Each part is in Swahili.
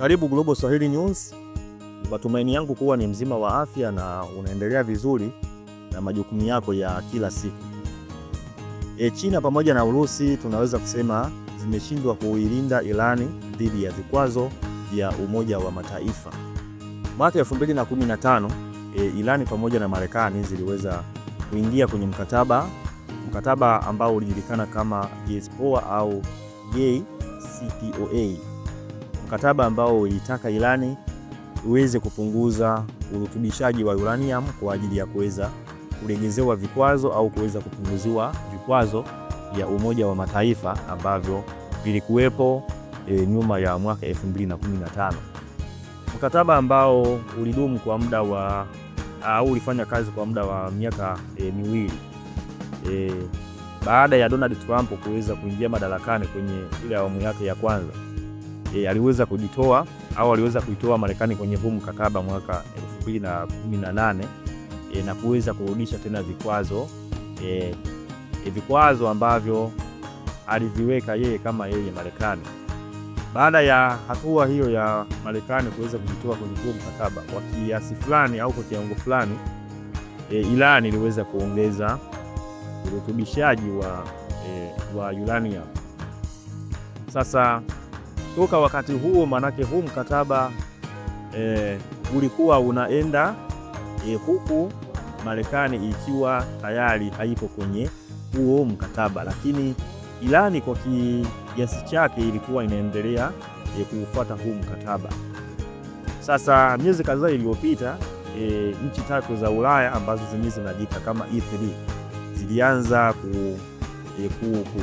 Karibu Global Swahili News. Matumaini yangu kuwa ni mzima wa afya na unaendelea vizuri na majukumu yako ya kila siku. E, China pamoja na Urusi tunaweza kusema zimeshindwa kuilinda Irani dhidi ya vikwazo vya Umoja wa Mataifa. Mwaka 2015 e, Irani pamoja na Marekani ziliweza kuingia kwenye mkataba mkataba ambao ulijulikana kama JCPOA au JCPOA mkataba ambao ulitaka Irani uweze kupunguza urutubishaji wa uranium kwa ajili ya kuweza kulegezewa vikwazo au kuweza kupunguziwa vikwazo vya Umoja wa Mataifa ambavyo vilikuwepo e, nyuma ya mwaka 2015. Mkataba ambao ulidumu kwa muda wa au ulifanya kazi kwa muda wa miaka e, miwili e, baada ya Donald Trump kuweza kuingia madarakani kwenye ile awamu yake ya kwanza e, aliweza kujitoa au aliweza kuitoa Marekani kwenye huu mkataba mwaka 2018 e, na kuweza kurudisha tena vikwazo e, e, vikwazo ambavyo aliviweka yeye kama yeye Marekani. Baada ya hatua hiyo ya Marekani kuweza kujitoa kwenye huo mkataba kwa kiasi fulani au kwa kiwango fulani e, Iran iliweza kuongeza urutubishaji wa, e, wa uranium. Sasa toka wakati huo, manake huu mkataba e, ulikuwa unaenda e, huku Marekani ikiwa tayari haipo kwenye huo mkataba, lakini Irani kwa kiasi chake ilikuwa inaendelea e, eh, kuufuata huu mkataba. Sasa miezi kadhaa iliyopita e, nchi tatu za Ulaya ambazo zenyewe zinajiita kama E3 zilianza ku, e, ku, ku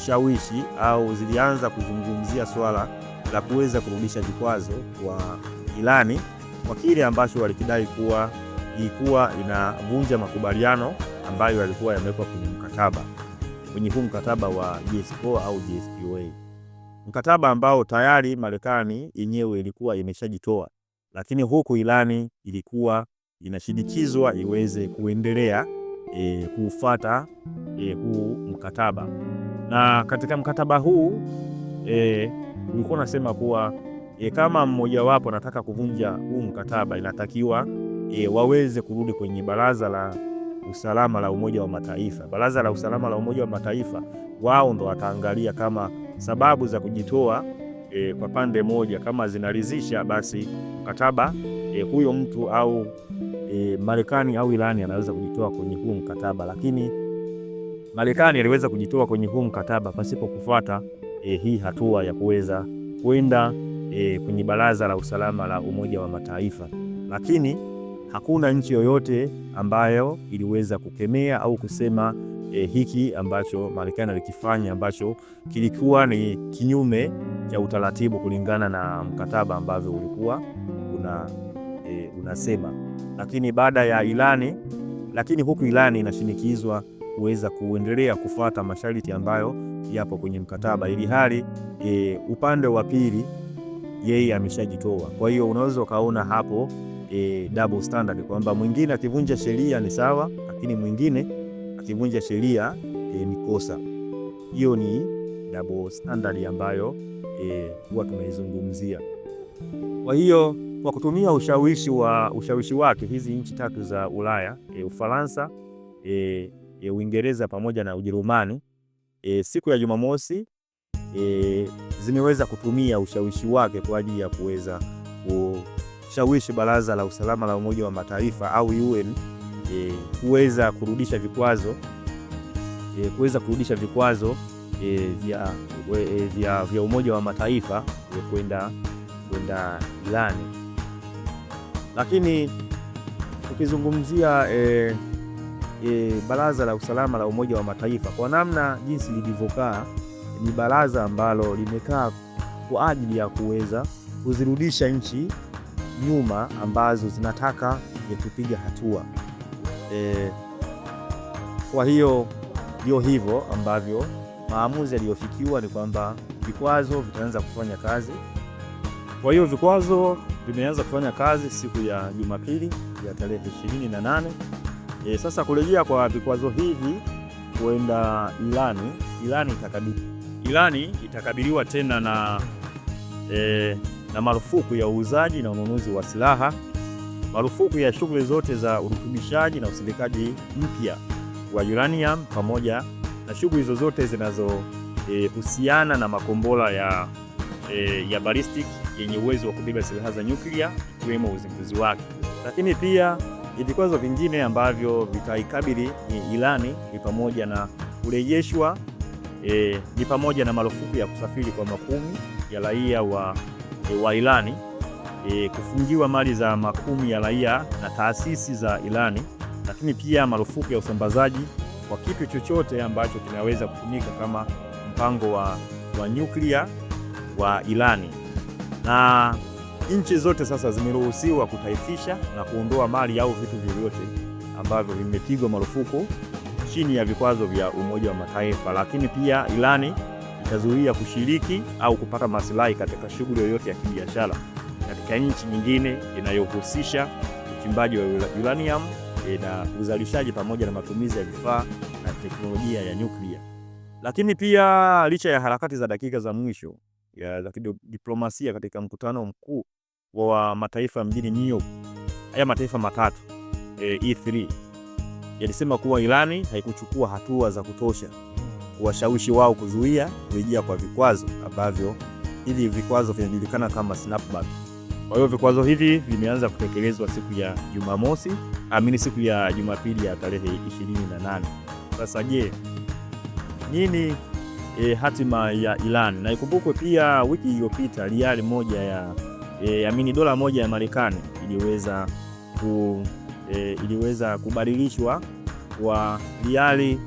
kushawishi au zilianza kuzungumzia swala la kuweza kurudisha vikwazo kwa Irani kwa kile ambacho walikidai kuwa ilikuwa inavunja makubaliano ambayo yalikuwa yamewekwa kwenye mkataba kwenye huu mkataba wa JSPOA au JCPOA, mkataba ambao tayari Marekani yenyewe ilikuwa imeshajitoa, lakini huku Irani ilikuwa inashindikizwa iweze kuendelea e, eh, kuufata e, eh, huu mkataba na katika mkataba huu e, ulikuwa unasema kuwa e, kama mmojawapo anataka kuvunja huu mkataba inatakiwa e, waweze kurudi kwenye baraza la usalama la Umoja wa Mataifa. Baraza la usalama la Umoja wa Mataifa wao ndo wataangalia kama sababu za kujitoa e, kwa pande moja kama zinaridhisha, basi mkataba e, huyo mtu au e, Marekani au Irani anaweza kujitoa kwenye huu mkataba, lakini Marekani aliweza kujitoa kwenye huu mkataba pasipo kufuata e, hii hatua ya kuweza kwenda e, kwenye Baraza la Usalama la Umoja wa Mataifa, lakini hakuna nchi yoyote ambayo iliweza kukemea au kusema e, hiki ambacho Marekani alikifanya ambacho kilikuwa ni kinyume cha utaratibu kulingana na mkataba ambavyo ulikuwa una, e, unasema. Lakini baada ya Irani, lakini huku Irani inashinikizwa kuweza kuendelea kufuata masharti ambayo yapo kwenye mkataba, ili hali e, upande wa pili yeye ameshajitoa. Kwa hiyo unaweza ukaona hapo e, double standard kwamba mwingine akivunja sheria ni sawa, lakini mwingine akivunja sheria e, ni kosa. Hiyo ni double standard ambayo e, huwa tunaizungumzia. Kwa hiyo kwa kutumia ushawishi wa ushawishi wake hizi nchi tatu za Ulaya e, Ufaransa e, e, Uingereza pamoja na Ujerumani e, siku ya Jumamosi e, zimeweza kutumia ushawishi wake kwa ajili ya kuweza kushawishi Baraza la Usalama la Umoja wa Mataifa au UN e, kuweza kurudisha vikwazo e, kuweza kurudisha vikwazo e, vya, e, vya, vya Umoja wa Mataifa e, kwenda kwenda Irani, lakini tukizungumzia eh, e, Baraza la Usalama la Umoja wa Mataifa kwa namna jinsi lilivyokaa, ni baraza ambalo limekaa kwa ajili ya kuweza kuzirudisha nchi nyuma ambazo zinataka kupiga hatua e, kwa hiyo ndio hivyo ambavyo maamuzi yaliyofikiwa ni kwamba vikwazo vitaanza kufanya kazi. Kwa hiyo vikwazo vimeanza kufanya kazi siku ya Jumapili ya tarehe 28 E, sasa kurejea kwa vikwazo hivi kuenda Irani, Irani itakabili, Irani itakabiliwa tena na, e, na marufuku ya uuzaji na ununuzi wa silaha, marufuku ya shughuli zote za urutubishaji na usindikaji mpya wa uranium pamoja na shughuli zozote zinazohusiana eh, e, na makombora ya, e, ya balistiki yenye uwezo wa kubeba silaha za nyuklia ikiwemo uzinduzi wake, lakini pia Vikwazo vingine ambavyo vitaikabili Irani ni pamoja na kurejeshwa e, ni pamoja na marufuku ya kusafiri kwa makumi ya raia wa, e, wa Irani e, kufungiwa mali za makumi ya raia na taasisi za Irani, lakini pia marufuku ya usambazaji kwa kitu chochote ambacho kinaweza kutumika kama mpango wa, wa nyuklia wa Irani na nchi zote sasa zimeruhusiwa kutaifisha na kuondoa mali au vitu vyovyote ambavyo vimepigwa marufuku chini ya vikwazo vya Umoja wa Mataifa, lakini pia Irani itazuia kushiriki au kupata masilahi katika shughuli yoyote ya kibiashara katika nchi nyingine inayohusisha uchimbaji wa uranium na uzalishaji pamoja na matumizi ya vifaa na teknolojia ya nyuklia. Lakini pia licha ya harakati za dakika za mwisho za kidiplomasia katika mkutano mkuu wa mataifa mjini New York. Haya mataifa matatu e, E3 yalisema kuwa Irani haikuchukua hatua za kutosha kuwashawishi wao kuzuia kurejea kwa vikwazo ambavyo hivi vikwazo vinajulikana kama snapback. Kwa hiyo vikwazo hivi vimeanza kutekelezwa siku ya Jumamosi, amini siku ya Jumapili ya tarehe 28. Sasa je, nini e, hatima ya Iran? Na ikumbukwe pia wiki iliyopita riali moja ya e, amini dola moja ya Marekani iliweza ku, e, iliweza kubadilishwa kwa riali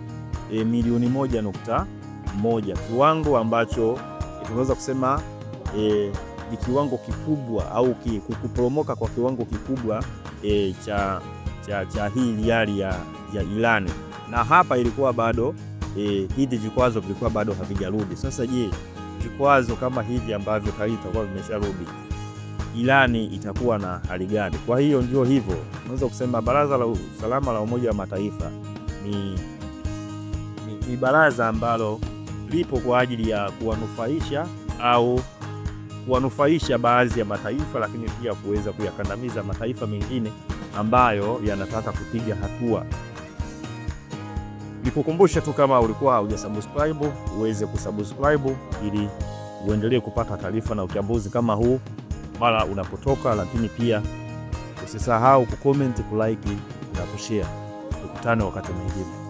e, eh, milioni moja nukta moja, kiwango ambacho e, tunaweza kusema e, ni kiwango kikubwa au kuporomoka kwa kiwango kikubwa e, cha, cha, cha hii riali ya, ya Irani na hapa ilikuwa bado e, hivi vikwazo vilikuwa bado havijarudi. Sasa je, vikwazo kama hivi ambavyo tayari vitakuwa vimesharudi ilani itakuwa na hali gani. Kwa hiyo ndio hivyo, unaweza kusema Baraza la Usalama la Umoja wa Mataifa ni, ni, ni baraza ambalo lipo kwa ajili ya kuwanufaisha au kuwanufaisha baadhi ya mataifa, lakini pia kuweza kuyakandamiza mataifa mengine ambayo yanataka kupiga hatua. Nikukumbushe tu kama ulikuwa haujasubscribe uweze kusubscribe ili uendelee kupata taarifa na uchambuzi kama huu mara unapotoka, lakini pia usisahau kucomment, kulike na kushare. Tukutane wakati mwingine.